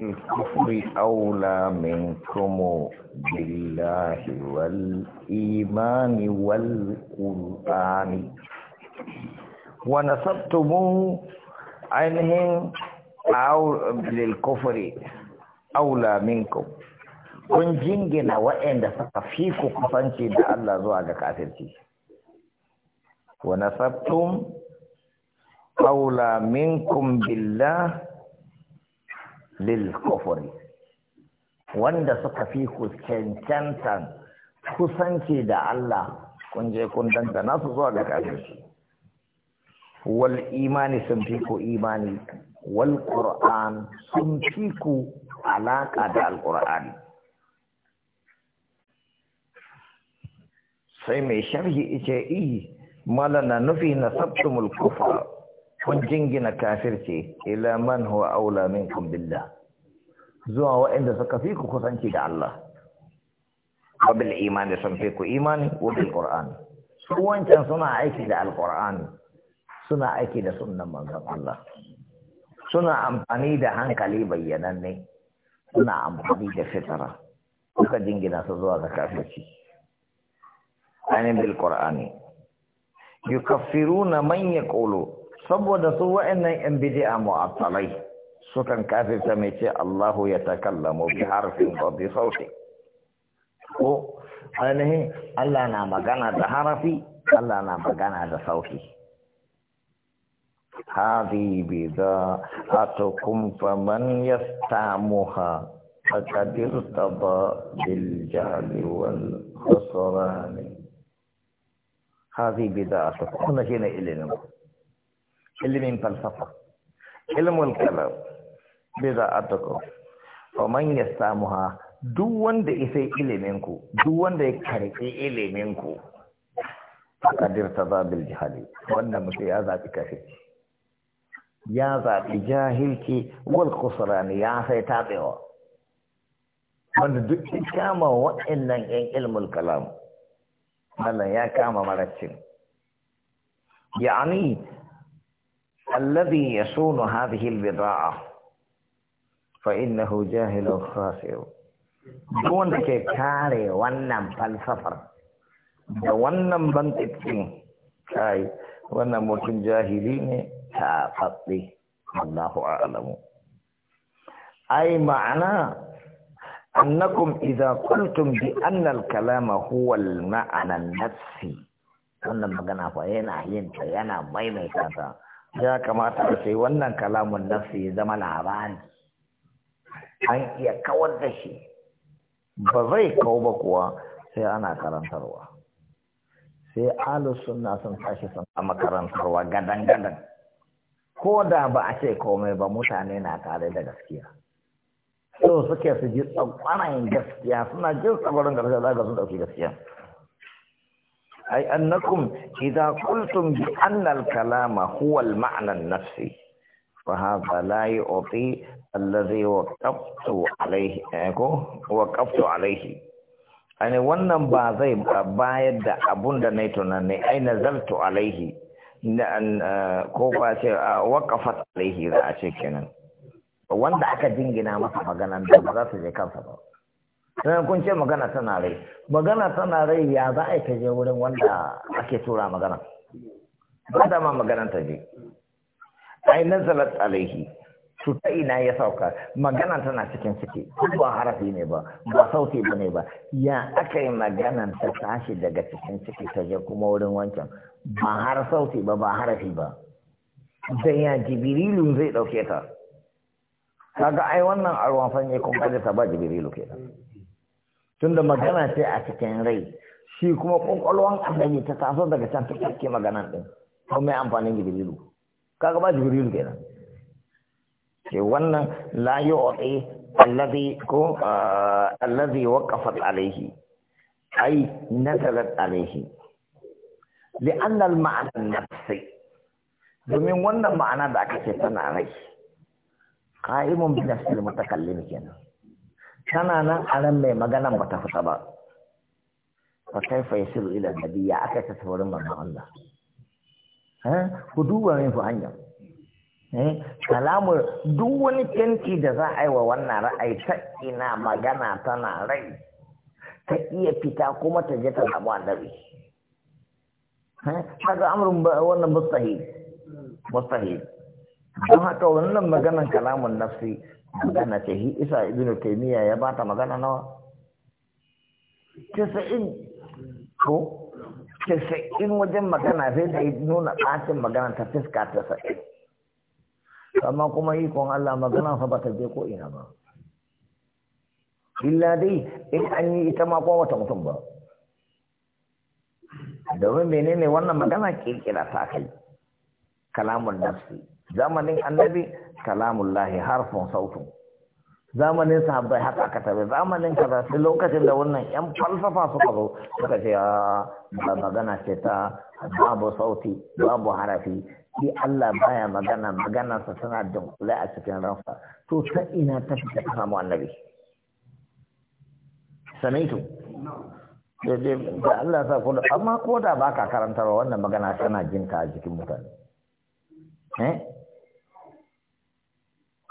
الكفر أولى منكم بالله والإيمان والقرآن ونصبتم عينهم أو للكفر أولى منكم kun jingina waɗanda suka fi ku kusanci da Allah zuwa ga kafirci wa nasabtum qawla minkum billah lil wanda suka fi ku kusanci da Allah kun je kun dangana su zuwa ga su wal imani sun fi ku imani wal qur'an sun fi ku alaka da Al-Qur'an. sai mai sharhi ice i malana nufi na sabtumul kufar kun jingina kafirci ila man huwa aula minkum billah zuwa waɗanda suka fi ku kusanci da Allah wa bil imani sun fi ku imani wa bil qur'an su wancan suna aiki da alqur'ani suna aiki da sunnan manzon Allah suna amfani da hankali bayyananne suna amfani da fitara Kuka jingina su zuwa ga kafirci ainihin bil qur'ani yukaffiruna man yaqulu saboda su wa'annan yan bid'a mu'attalai sukan kafirta mai ce Allahu ya takallamu bi harfin wa bi sauti ko ainihin Allah na magana da harafi Allah na magana da sauti hadi bi da هذه بضاعتكم فمن يستعمها فقد ارتضى بالجهل والخسران هذه بضاعتكم هنا شيء إلينا ilimin falsafa ilmul kalam bida'atukum wa man ha duk wanda isa ilimin ku duk wanda ya karbi ilimin ku kadir tazabil jihali wanda mutu ya zaɓi kafe ya zaɓi jahilki, wal ne ya sai taɓewa wanda duk ya kama waɗannan ‘yan ilmul kalam wannan ya kama maracin ya'ani الذي يصون هذه البضاعة فإنه جاهل خاسر دون كاري ونم فالسفر ونم بنتكين كاي ونم وكن جاهلين تاقضي الله أعلم أي معنى أنكم إذا قلتم بأن الكلام هو المعنى النفسي أنا ما جنا فينا حين تيانا ما يمشي هذا ya kamata a ce wannan kalamun nafsi ya zama labari an iya kawar da shi ba zai kawo ba kuwa sai ana karantarwa sai alu suna sun tashi sun sama karantarwa gadan-gadan ko da ba a ce komai ba mutane na tare da gaskiya so suke su ji tsakwanayin gaskiya suna jin tsabarin gaskiya za ga sun ɗauki gaskiya ay annakum idha kultun bi kalama huwal al ma'na al nafsi fa hadha la alayhi ko waqaftu alayhi ani wannan ba zai bayar da abun da nayi tunani aina nazaltu alayhi na an ko ba ce alayhi za a ce kenan wanda aka dingina masa maganan da ba za su je kansa ba sai eh, kun ce magana tana rai magana tana rai ya za a yi ta je wurin wanda ake tura magana ba da ma magana ta je ai nazalat alaihi su ta ina ya sauka magana tana cikin ciki ba harafi ne ba ba sauti ba ne ba ya aka yi maganan ta tashi daga cikin ciki ta je kuma wurin wancan ba har sauti ba ba harafi ba Zai ya jibirilu zai ɗauke ta kaga ai wannan arwafan ne kuma ta ba jibrilu kenan tunda magana ce a cikin rai shi kuma kwakwalwan annabi ta taso daga can ta karke maganan din ko mai amfanin jibrilu kaga ba jibrilu kenan Ke wannan la yu'ti alladhi ko alladhi waqafat alayhi ay nazalat alayhi لأن na النفسي domin wannan ma'ana da aka ce tana rai qa'imun bi nafsil mutakallim kenan kana nan a ran mai maganan ba ta fita ba fa kai fa yasiru ila nabiya aka ta saurin manzon Allah eh, ku duba min ku hanya eh, kalamu duk wani fenti da za a yi wa wannan ra'ayi ta ina magana tana rai ta iya fita kuma ta je ta samu annabi eh, kaga amrun wannan mustahil mustahil don haka wannan maganan kalamun nafsi magana ce hi isa ibnu taymiya ya bata magana nawa casa'in ko casa'in wajen magana sai da nuna ɗakin magana ta fiska sa'i amma kuma ikon Allah magana fa ba ta je ko ina ba illa dai in an yi ita ma kuma wata mutum ba domin menene wannan magana kirkira ta kai kalamun nafsi zamanin annabi kalamullahi harfin sautun zamanin sahabbai haka aka tabe zamanin kaza sai lokacin da wannan yan falsafa suka zo suka ce ba magana ce ta babu sauti babu harafi shi Allah baya magana magana sa tana dunkule a cikin ransa to ta ina ta fita ta samu annabi sanaitu da Allah sa ko amma ko da baka karantarwa wannan magana tana jinka a jikin mutane eh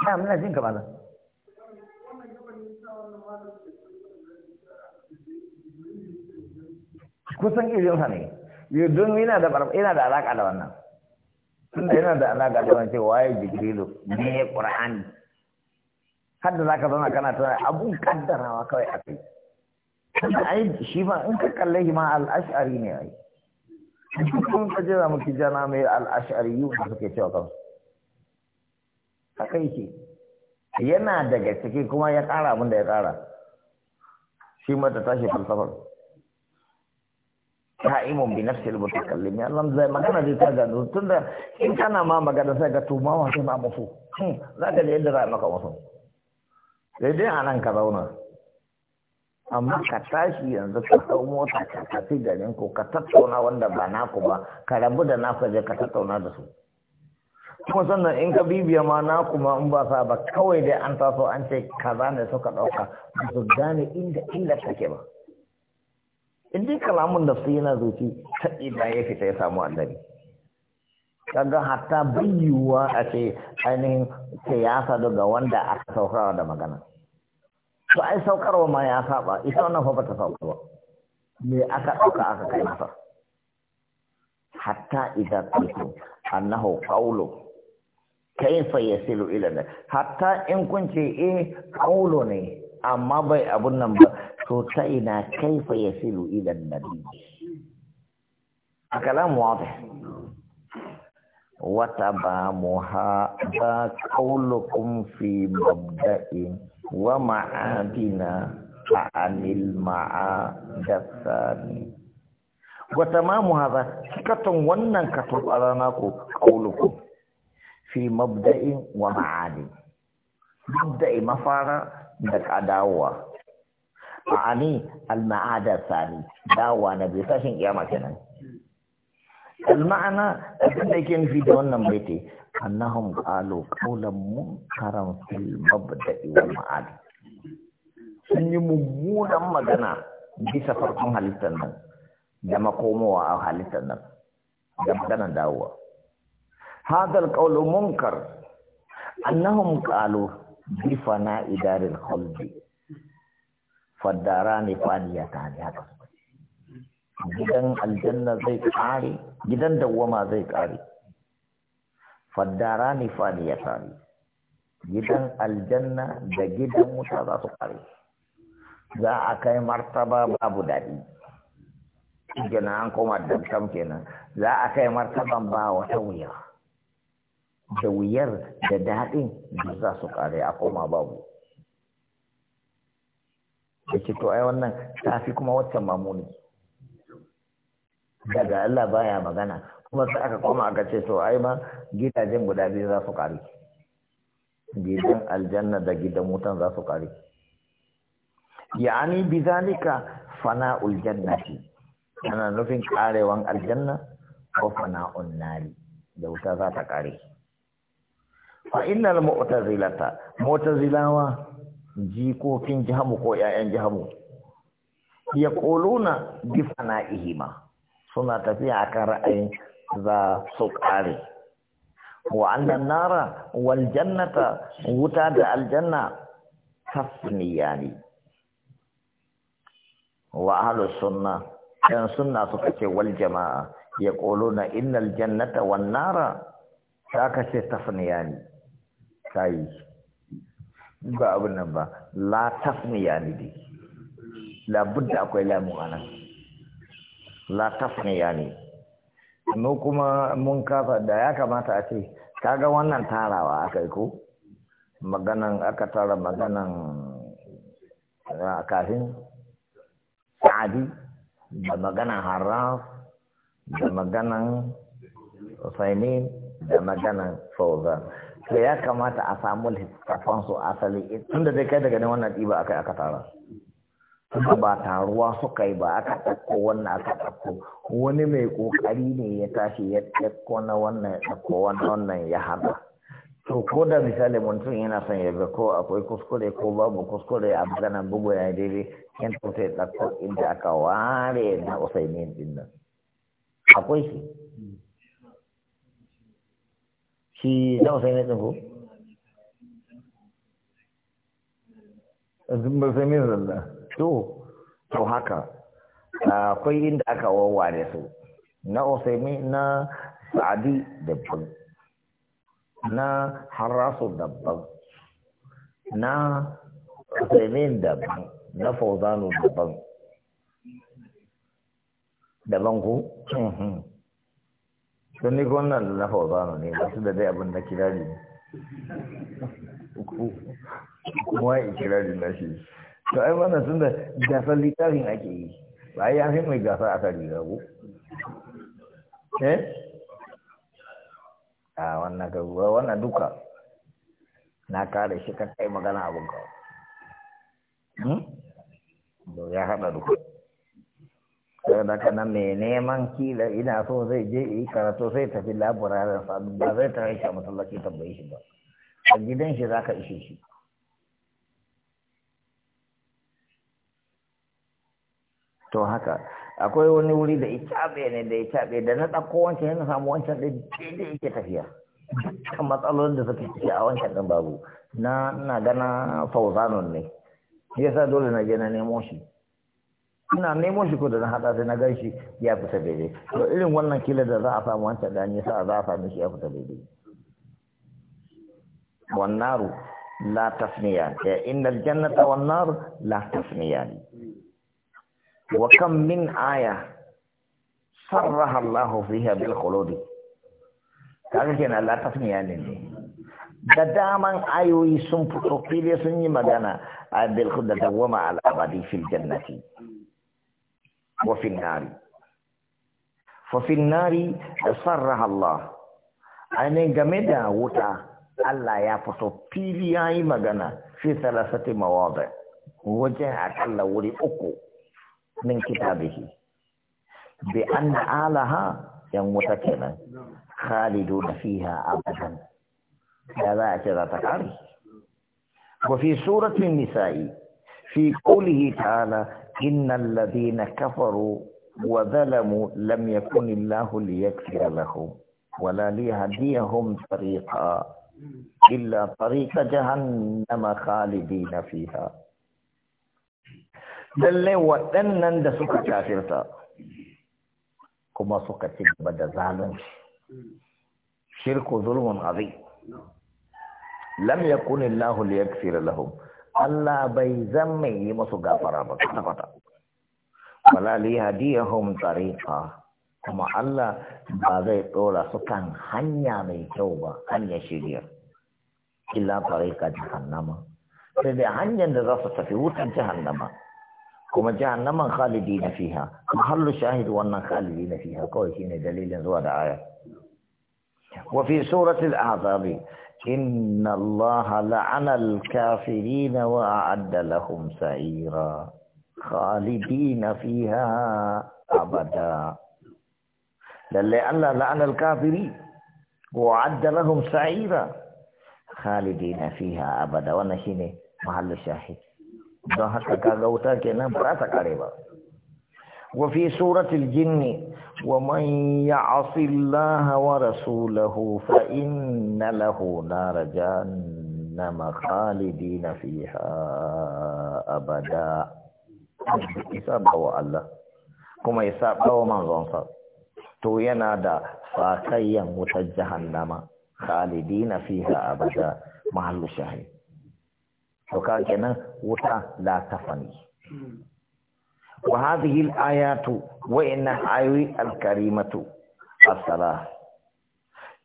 na muna jin kamar kusan irinsa ne don yana da yana da alaƙa da wannan tunda yana da alaƙa da wannan cewa waye jibrilu ne ƙura'ani. hadda za ka zama kana tana abun kaddarawa kawai a kai ai shi ma in ka kalle shi ma al-ash'ari ne ai kun kaje za mu jana mai al'ashari ashari yau suke cewa kansu haka yake yana daga ciki kuma ya ƙara abin da ya ƙara shi mata tashi falsafar mun bi nafsi al-mutakallim ya Allah zai magana zai ta gano tunda in kana ma magana sai ga tuma ma wa sai ma musu hmm, za ka je yadda za a maka musu sai dai a nan ka zauna amma ka tashi yanzu ka ɗau mota ka tafi garin ku ka tattauna wanda ba naku ba ka rabu da naku je ka tattauna da su kuma sannan in ka bibiya ma na kuma in ba sa ba kawai dai an taso an ce kaza ne suka ɗauka ba su gane inda take ba in dai kalamun da su yana zuci ta ina ya fita ya samu annabi kaga hatta bayyuwa a ce ainihin siyasa daga wanda aka saukarwa da magana to ai saukarwa ma ya saba ita wannan fa bata sauka ba me aka ɗauka aka kai masa hatta idan kuntum annahu qawlu kaifa yasilu ila hatta in kun ce eh kaulo ne amma bai abun nan ba to ta ina kai kaifa yasilu ila nabi akalam wadih wa tabamuha ba qaulukum fi mabda'in wa ma'adina fa'anil ma'adathani wa tamamu hadha cikatan wannan katul alana ku qaulukum fi mabda'in wa ma'ani mabda'i mafara da kadawa ma'ani al-ma'ada sani dawa na biyu sashin kiyama kenan al-ma'ana abin da yake nufi da wannan baiti annahum qalu qawlan munkaran fil mabda'i wa ma'ani. sun yi mummunan magana bisa farkon halittar nan da makomowa a halittar nan da maganar dawowa هذا القول منكر أنهم قالوا بفناء دار الخلد فالداران فانيتان هذا gidan aljanna zai kare gidan dawwama zai kare faddara ni fani ya kare gidan aljanna da gidan wuta za su kare za a kai martaba babu daɗi gina an koma dantam kenan za a kai martaban ba wata wuya da wuyar da daɗin da za su ƙare a koma babu da ke to ai wannan ta fi kuma waccan mamuni daga Allah baya magana kuma sai aka koma aka ce to ai ma gidajen guda biyu za su ƙare gidan aljanna da gidan wutan za su ƙare ya'ani bi zalika fana'ul ce ana nufin ƙarewan aljanna ko fana'un nari da wuta za ta ƙare fa innal mu'tazilata mu'tazilawa jikokin jahamu ko ƴaƴan jahamu yaquluna bi fana'ihima suna tafiya akan ra'ayin za su ƙare wa annan nara wal jannata wuta da aljanna tasniyani wa ahlus sunna dan sunna suka ce wal jama'a yaquluna innal jannata wan nara ta kace tasniyani shayi ba abin nan ba la ya nidi la budda akwai mu ana la ya ni mu kuma mun kafa da ya kamata a ce kaga wannan tarawa aka yi ko maganan aka tara maganan kafin sa'adi da maganan haraf da maganan usaimin da maganan fauzan to ya kamata a samu littafan su asali tunda dai kai daga wannan ɗiba yi aka tara kuma ba taruwa suka yi ba aka ɗauko wannan aka ɗauko wani mai ƙoƙari ne ya tashi ya ɗauko na wannan ya ɗauko wannan ya haɗa to ko da misali mutum yana son ya ga ko akwai kuskure ko babu kuskure a maganan bugu ya daidai yan tuta ya ɗauko inda aka ware na usaimin ɗin nan akwai shi shi na usai ne ko zumbar sai min zalla to to haka akwai inda aka wawware su na usaimi na sa'adi dabban na harasu dabban na usaimin dabban na fauzanu dabban daban ku to ni wannan da na fauzano ne wasu da dai abin da kirari ne kuma ya kirari na shi to ai wannan sun da gasar littafin ake yi ba ya fi mai gasar aka riga ko eh a wannan ka wannan duka na kare shi ka kai magana abin ka hmm? ya hada duka Eh, da haka nan mai neman kila ina so zai je yi karatu sai tafi laburaren sa ba zai tare shi a masallaci tambaye shi ba a gidan shi za ka ishe shi to haka akwai wani wuri da abe ne da abe da na ɗauko wancan yana samu wancan ɗin daidai yake tafiya kan matsalolin da suka ci a wancan ɗin babu na gana fauzanon ne yasa dole na je na nemo shi ina nemo shi ko da na hada sai na gashi ya fita daidai to irin wannan kila da za a samu wancan da an yi sa za a samu shi ya fita daidai wannaru la tasniya ya innal jannata wan nar la tasniya wa kam min aya sarraha Allah fiha bil khulud kaga kenan la tasniya ne da daman ayoyi sun fito kile sun yi magana a bil khulud da ma al abadi fil jannati وفي النار ففي النار صرها الله أنا جمدا وتا الله يا فتو بيلي أي مجانا في ثلاثة مواضع وجه أكل ولي أكو من كتابه بأن آلها يموتكنا خالدون فيها أبدا هذا كذا تقاري وفي سورة النساء في قوله تعالى إن الذين كفروا وظلموا لم يكن الله ليكفر لهم ولا ليهديهم طريقا إلا طريق جهنم خالدين فيها دلني وتنن دسوك كافرتا كما سوك تبدا ظالم شرك ظلم عظيم لم يكن الله ليكفر لهم Allah bai zan mai yi musu gafara ba kwata-kwata. Wala li hadiyahum tariqa kuma Allah ba zai tsora su kan hanya mai kyau ba hanyar shirya. Illa tariqa jahannama. Sai dai hanyar da za su tafi wutar jahannama. Kuma jahannaman khalidi na fiha. Mahallu shahid wannan khalidi na fiha kawai shine dalilin zuwa da aya. Wa fi suratul azabi إن الله لعن الكافرين وأعد لهم سعيرا خالدين فيها أبدا للي الله لعن الكافرين وأعد لهم سعيرا خالدين فيها أبدا هنا محل الشاهد don haka كنا wuta kenan وفي سورة الجن ومن يعص الله ورسوله فإن له نار جهنم خالدين فيها أبدا إسابة الله كما إسابة ومن ظنصر تو ينادى فاكيا متجهنم خالدين فيها أبدا محل الشاهد وكان كنا وتا لا تفني wa hadhihi al-ayatu wa inna ayi al-karimatu as-salah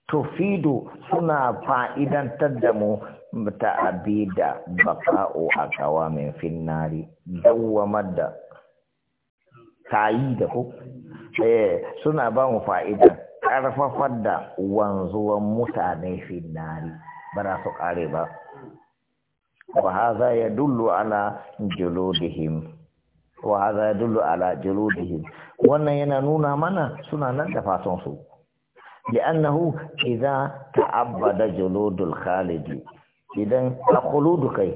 tufidu suna fa'idantar da mu ta'abi da baka'u a kawamin finnari dawwamar da tayi da ku eh, suna ba mu fa'ida karfafar wanzuwan mutane finari. ba za kare ba wa haza ya dullu ala juludihim wa hadha yadullu ala juludihim wannan yana nuna mana suna nan da fatan su li'annahu idza ta'abbada juludul khalidi idan khuludu kai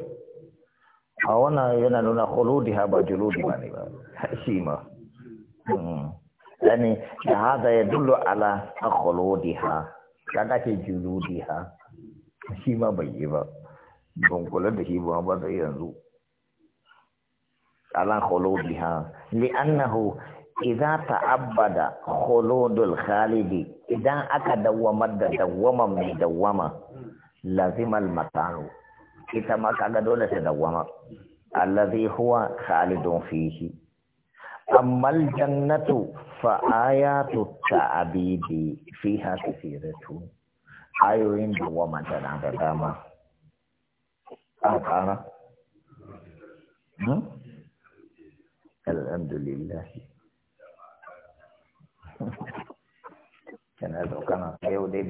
a wannan yana nuna ha ba juludi ba ne ba shi ma hmm. yani da hada yadullu ala khuludiha kaga ce juludiha shi ma bai yi ba ban kula da shi ba ba da yanzu ala khuludiha li'annahu idza ta'abbada khuludul khalidi idan aka dawwama da dawwama mai dawwama lazim al mataru ita ma kaga dole sai dawwama alladhi huwa khalidun fihi amma al jannatu fa ayatu ta'abidi fiha kathiratu ayoyin dawwama da dama Ah, ah, ah. Hmm? الحمد لله كان هذا وكان يودي